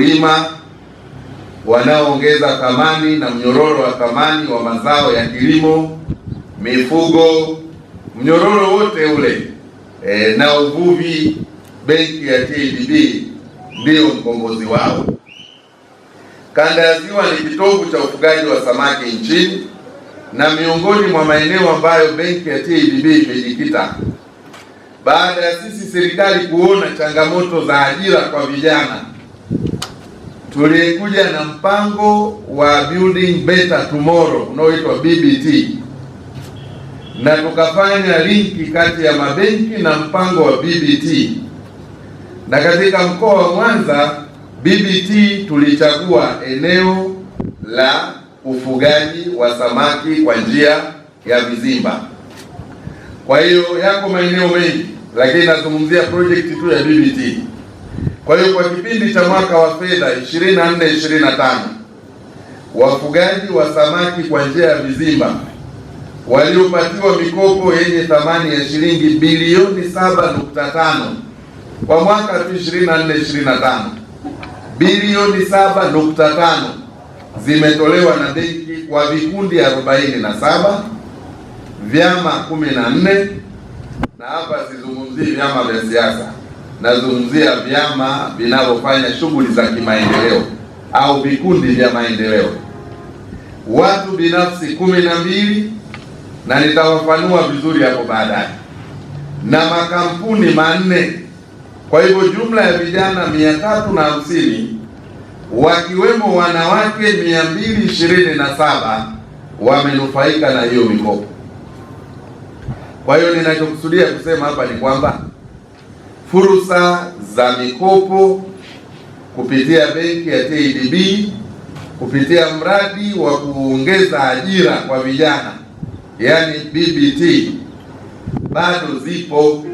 wakulima wanaoongeza thamani na mnyororo wa thamani wa mazao ya kilimo, mifugo, mnyororo wote ule e, na uvuvi. Benki ya TADB ndiyo mkombozi wao. Kanda ya Ziwa ni kitovu cha ufugaji wa samaki nchini na miongoni mwa maeneo ambayo benki ya TADB imejikita baada ya sisi serikali kuona changamoto za ajira kwa vijana tulikuja na mpango wa building better tomorrow unaoitwa BBT na tukafanya linki kati ya mabenki na mpango wa BBT, na katika mkoa wa Mwanza BBT tulichagua eneo la ufugaji wa samaki kwa njia ya vizimba. Kwa hiyo yako maeneo mengi, lakini nazungumzia project tu ya BBT. Kwa hiyo kwa kipindi cha mwaka wa fedha 24 25 wafugaji wa samaki kwa njia ya vizimba waliopatiwa mikopo yenye thamani ya shilingi bilioni 7.5 kwa mwaka 24 25 bilioni 7.5 zimetolewa na benki kwa vikundi 47 vyama 14 na hapa sizungumzii vyama vya siasa nazungumzia vyama vinavyofanya shughuli za kimaendeleo au vikundi vya maendeleo, watu binafsi kumi na mbili, na nitawafanua vizuri hapo baadaye, na makampuni manne. Kwa hivyo jumla ya vijana mia tatu na hamsini wakiwemo wanawake mia mbili ishirini na saba wamenufaika na hiyo mikopo. Kwa hiyo ninachokusudia kusema hapa ni kwamba fursa za mikopo kupitia benki ya TADB kupitia mradi wa kuongeza ajira kwa vijana yaani BBT bado zipo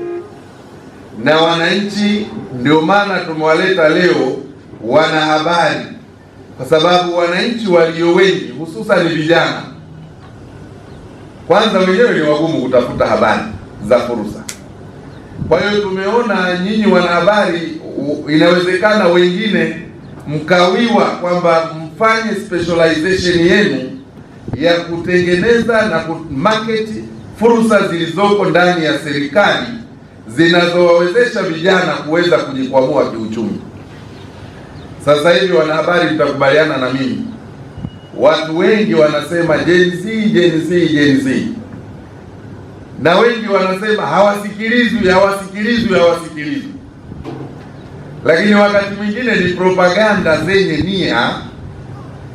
na wananchi, ndio maana tumewaleta leo wana habari kwa sababu wananchi walio wengi hususan vijana, kwanza wenyewe ni wagumu kutafuta habari za fursa kwa hiyo tumeona nyinyi wanahabari, inawezekana wengine mkawiwa kwamba mfanye specialization yenu ya kutengeneza na kumarket fursa zilizoko ndani ya serikali zinazowawezesha vijana kuweza kujikwamua kiuchumi. Sasa hivi wanahabari, mtakubaliana na mimi, watu wengi wanasema Gen Z, Gen Z, Gen Z na wengi wanasema hawasikilizwi, hawasikilizwi, hawasikilizwi, lakini wakati mwingine ni propaganda zenye nia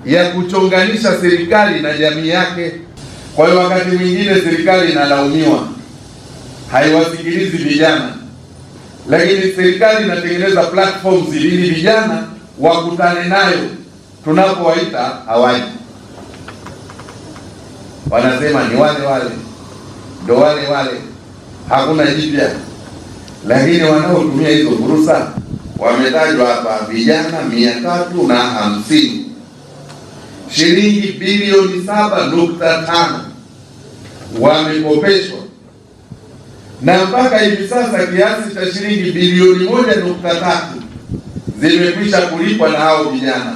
ya kuchonganisha serikali na jamii yake. Kwa hiyo wakati mwingine serikali inalaumiwa, haiwasikilizi vijana, lakini serikali inatengeneza platforms ili vijana wakutane nayo, tunapowaita hawaji, wanasema ni wale wale ndo wale wale, hakuna jipya. Lakini wanaotumia hizo fursa wametajwa hapa, vijana mia tatu na hamsini, shilingi bilioni saba nukta tano wamekopeshwa na mpaka hivi sasa kiasi cha shilingi bilioni moja nukta tatu zimekwisha kulipwa na hao vijana,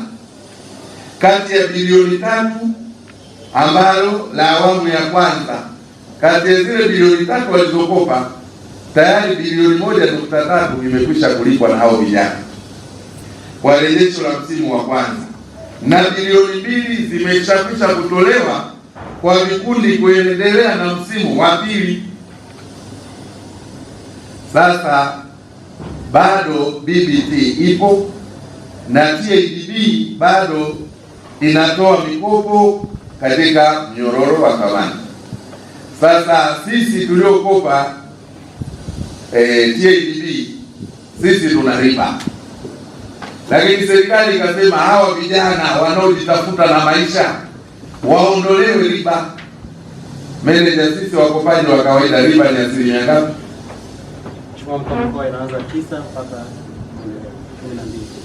kati ya bilioni tatu ambalo la awamu ya kwanza kati ya zile bilioni tatu walizokopa tayari bilioni moja nukta tatu imekwisha kulipwa na hao vijana kwa rejesho la msimu wa kwanza, na bilioni mbili zimeshakwisha kutolewa kwa vikundi kuendelea na msimu wa pili. Sasa bado BBT ipo na TADB bado inatoa mikopo katika mnyororo wa thamani. Sasa sisi tuliokopa eh, TADB sisi tunalipa, lakini serikali ikasema hawa vijana wanaojitafuta na maisha waondolewe riba. Meneja, sisi wakopaji wa kawaida riba ni asilimia ngapi?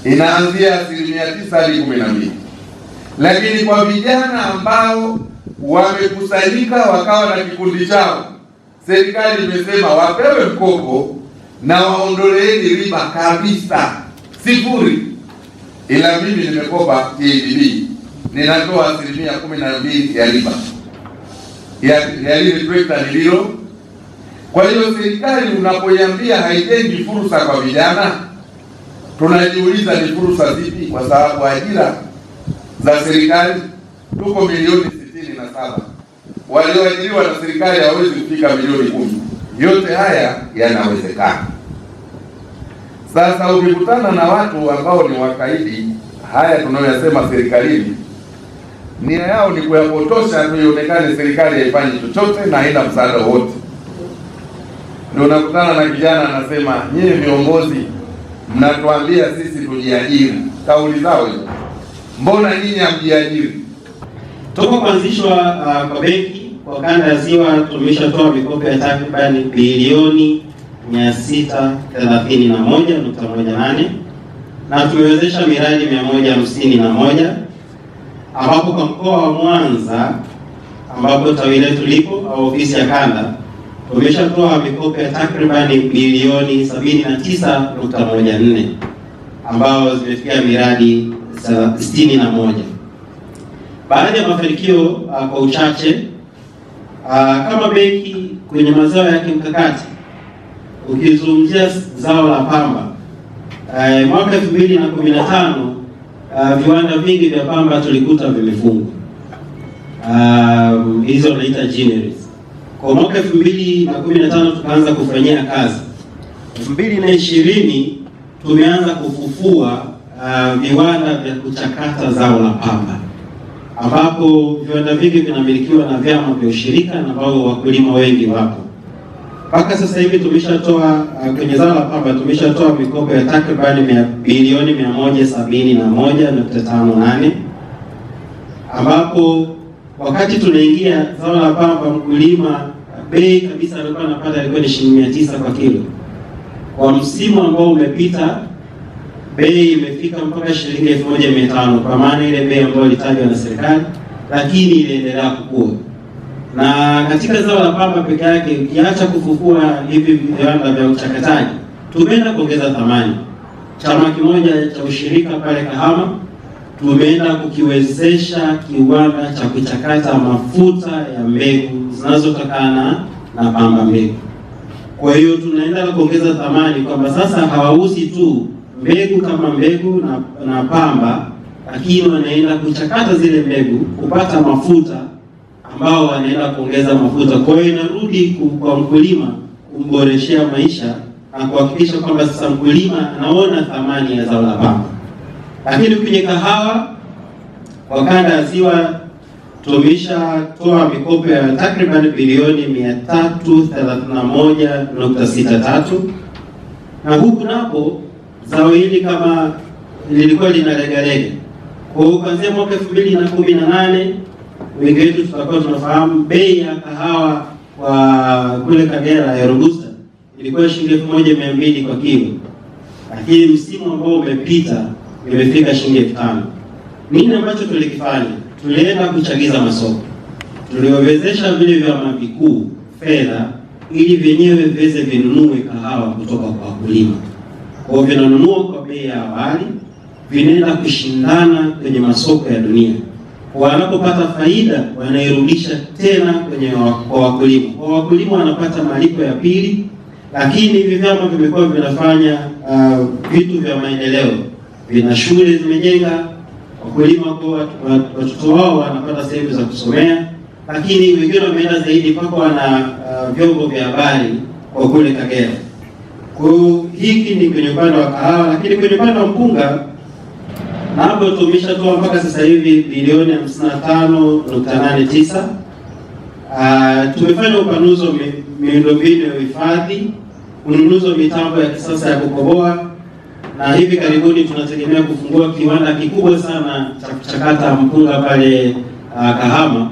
Inaanzia asilimia tisa hadi kumi na mbili, lakini kwa vijana ambao wamekusanyika wakawa na kikundi chao, serikali imesema wapewe mkopo na waondoleeni riba kabisa, sifuri. Ila mimi nimekopa KDB ninatoa asilimia kumi na mbili ya riba ya lile trekta nililo. Kwa hiyo serikali unapoiambia haitengi fursa kwa vijana, tunajiuliza ni fursa zipi? Kwa sababu ajira za serikali tuko milioni saba walioajiriwa na serikali hawezi kufika milioni kumi. Yote haya yanawezekana. Sasa ukikutana na watu ambao ni wakaidi, haya tunayoyasema serikalini, nia yao ni kuyapotosha tuionekane serikali haifanyi chochote na haina msaada wote. Ndio unakutana na kijana anasema, nyie viongozi mnatuambia sisi tujiajiri. Kauli zao hizo, mbona nyinyi hamjiajiri? Toka kuanzishwa uh, kwa benki kwa kanda ya Ziwa tumeshatoa mikopo ya takribani bilioni 631.18 na tumewezesha miradi 151 ambapo kwa mkoa wa Mwanza ambapo tawi letu lipo au ofisi ya kanda tumeshatoa mikopo ya takribani bilioni 79.14 ambayo zimefikia miradi 61. Baadhi ya mafanikio uh, kwa uchache uh, kama benki kwenye mazao ya kimkakati, ukizungumzia zao la pamba uh, mwaka 2015 uh, viwanda vingi vya pamba tulikuta vimefungwa, um, hizo uh, wanaita Kwa mwaka 2015 tukaanza kufanyia kazi, 2020 tumeanza kufufua uh, viwanda vya kuchakata zao la pamba ambapo viwanda vingi vinamilikiwa na vyama vya ushirika na ambao wakulima wengi wapo. Mpaka sasa hivi tumeshatoa uh, kwenye zao la pamba tumeshatoa mikopo ya takribani bilioni 171.58 ambapo wakati tunaingia zao la pamba mkulima uh, bei kabisa alikuwa anapata alikuwa ni shilingi mia kwa kilo. Kwa msimu ambao umepita bei imefika mpaka shilingi elfu moja mia tano kwa maana ile bei ambayo ilitajwa na serikali, lakini iliendelea kukua. Na katika zao la pamba peke yake, ukiacha kufufua hivi viwanda vya uchakataji, tumeenda kuongeza thamani. Chama kimoja cha ushirika pale Kahama tumeenda kukiwezesha kiwanda cha kuchakata mafuta ya mbegu zinazotokana na pamba mbegu. Kwa hiyo tunaenda kuongeza thamani kwamba sasa hawauzi tu mbegu kama mbegu na, na pamba, lakini wanaenda kuchakata zile mbegu kupata mafuta ambao wanaenda kuongeza mafuta. Kwa hiyo inarudi kwa mkulima kumboreshea maisha na kuhakikisha kwamba sasa mkulima anaona thamani ya zao la pamba. Lakini kwenye kahawa kwa kanda ya Ziwa mikopo ya takriban bilioni 331.63 na huku napo zao hili kama lilikuwa linalegalega. Kwa hiyo kuanzia mwaka 2018 wengi wetu tutakuwa tunafahamu bei ya kahawa kwa kule Kagera ya Robusta ilikuwa shilingi elfu moja mia mbili kwa kilo, lakini msimu ambao umepita imefika shilingi elfu tano. Nini ambacho tulikifanya? Tulienda kuchagiza masoko, tuliwezesha vile vyama vikuu fedha ili vyenyewe viweze vinunue kahawa kutoka kwa wakulima kwa vinanunua kwa bei ya awali, vinaenda kushindana kwenye masoko ya dunia. Wanapopata faida wanairudisha tena kwenye kwa wakulima, kwa wakulima wanapata malipo ya pili. Lakini hivi vyama vimekuwa vinafanya uh, vitu vya maendeleo, vina shule zimejenga, wakulima kwa watoto wao wanapata sehemu za kusomea, lakini wengine wameenda zaidi mpaka wana uh, vyombo vya habari kwa kule Kagera. Kwa hiyo hiki ni kwenye upande wa kahawa, lakini kwenye upande wa mpunga mambo tumeshatoa mpaka sasa hivi bilioni 55.89. Ah, tumefanya upanuzi wa miundombinu ya uhifadhi, ununuzi wa mitambo ya kisasa ya kukoboa na hivi karibuni tunategemea kufungua kiwanda kikubwa sana cha kuchakata mpunga pale ah, Kahama.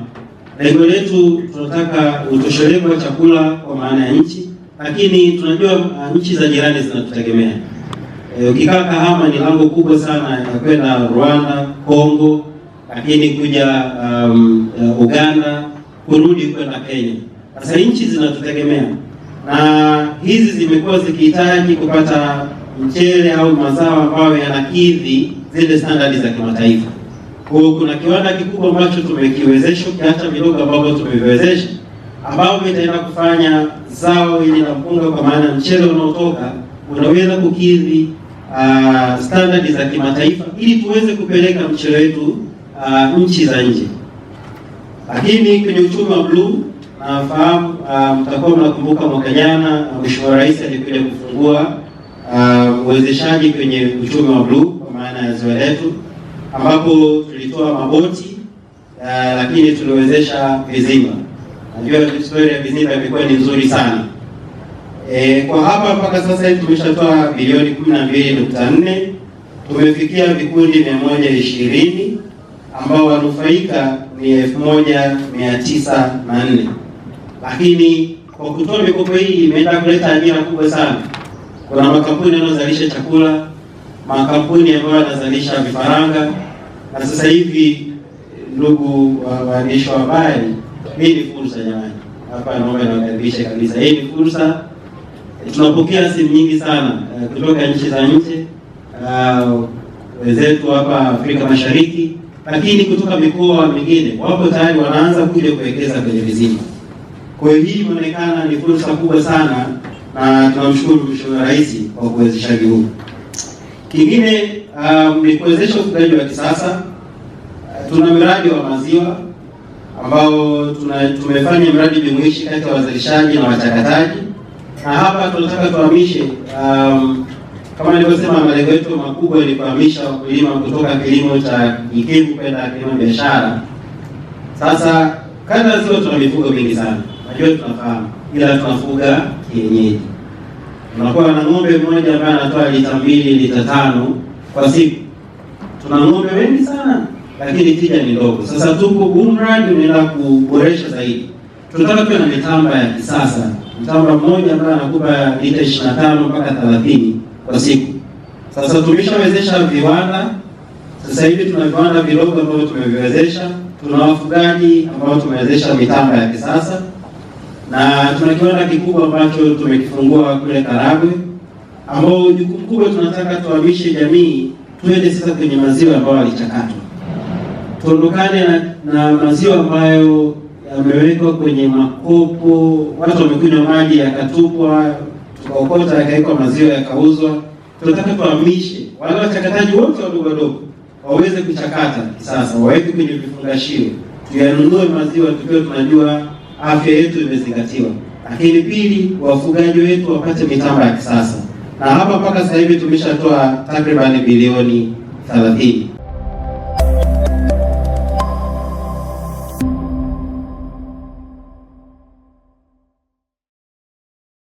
Lengo letu tunataka utoshelevu wa chakula kwa maana ya nchi lakini tunajua uh, nchi za jirani zinatutegemea. Eh, ukikaa e, Kahama ni lango kubwa sana ya kwenda Rwanda, Kongo, lakini kuja um, uh, Uganda, kurudi kwenda Kenya. Sasa nchi zinatutegemea na hizi zimekuwa zikihitaji kupata mchele au mazao ambayo yanakidhi zile standardi za kimataifa. Kwa hiyo kuna kiwanda kikubwa ambacho tumekiwezesha ukiacha vidogo ambavyo tumeviwezesha ambao vitaenda kufanya zao hili la mpunga, kwa maana mchele unaotoka unaweza kukidhi uh, ah, standardi za kimataifa ili tuweze kupeleka mchele wetu uh, nchi za nje. Lakini kwenye uchumi wa bluu nafahamu uh, mtakuwa mnakumbuka mwaka jana Mheshimiwa Rais alikuja kufungua uwezeshaji kwenye uchumi wa bluu kwa maana ya ziwa letu ambapo tulitoa maboti uh, lakini tuliwezesha vizima Najua story ya vizimba imekuwa ni nzuri sana. E, kwa hapa mpaka sasa hivi tumeshatoa bilioni 12.4, tumefikia vikundi 120 ambao wanufaika ni 1904, lakini kwa kutoa mikopo hii imeenda kuleta ajira kubwa sana. Kuna makampuni yanayozalisha chakula, makampuni ambayo yanazalisha vifaranga, na sasa hivi, ndugu waandishi wa habari hii ni fursa jamani, hapa naomba niwakaribishe kabisa. Hii ni fursa. Eh, tunapokea simu nyingi sana eh, kutoka nchi za nje, wenzetu hapa Afrika Mashariki, lakini kutoka mikoa mingine, wapo tayari wanaanza kuja kuwekeza kwenye vizima. Kwa hiyo hii inaonekana ni fursa kubwa sana, na tunamshukuru Mheshimiwa Rais kwa kuwezeshaji huu. Kingine um, ni um, kuwezesha ufugaji wa kisasa. Eh, tuna mradi wa maziwa ambao tumefanya mradi jumuishi kati ya wazalishaji na wachakataji, na hapa tunataka tuhamishe um, kama nilivyosema, malengo yetu makubwa ni kuhamisha wakulima kutoka kilimo cha kikivu kwenda kilimo biashara. Sasa kanda zio tuna mifugo mingi sana, najua tunafahamu, ila tunafuga kienyeji. Tunakuwa na ng'ombe mmoja ambaye anatoa lita mbili lita tano kwa siku. Tuna ng'ombe wengi sana lakini tija ni ndogo. Sasa tuko huu tunaenda kuboresha zaidi, tunataka tuwe na mitamba ya kisasa, mtamba mmoja ambayo anakupa lita 25 mpaka 30 kwa siku. Sasa tumeshawezesha viwanda, sasa hivi tuna viwanda vidogo ambavyo tumeviwezesha, tuna wafugaji ambao tumewezesha mitamba ya kisasa na tuna kiwanda kikubwa ambacho tumekifungua kule Karagwe, ambao jukumu kubwa tunataka tuhamishe jamii tuende sasa kwenye maziwa ambayo yalichakatwa tuondokane na, na maziwa ambayo yamewekwa kwenye makopo. Watu wamekunywa maji yakatupwa, tukaokota yakawekwa maziwa yakauzwa. Tunataka tuhamishe wale wachakataji wote wadogo wadogo waweze kuchakata kisasa, waweke kwenye vifungashio, tuyanunue maziwa tukiwa tunajua afya yetu imezingatiwa. Lakini pili, wafugaji wetu wapate mitamba ya kisasa, na hapa mpaka sasa hivi tumeshatoa takribani bilioni thelathini.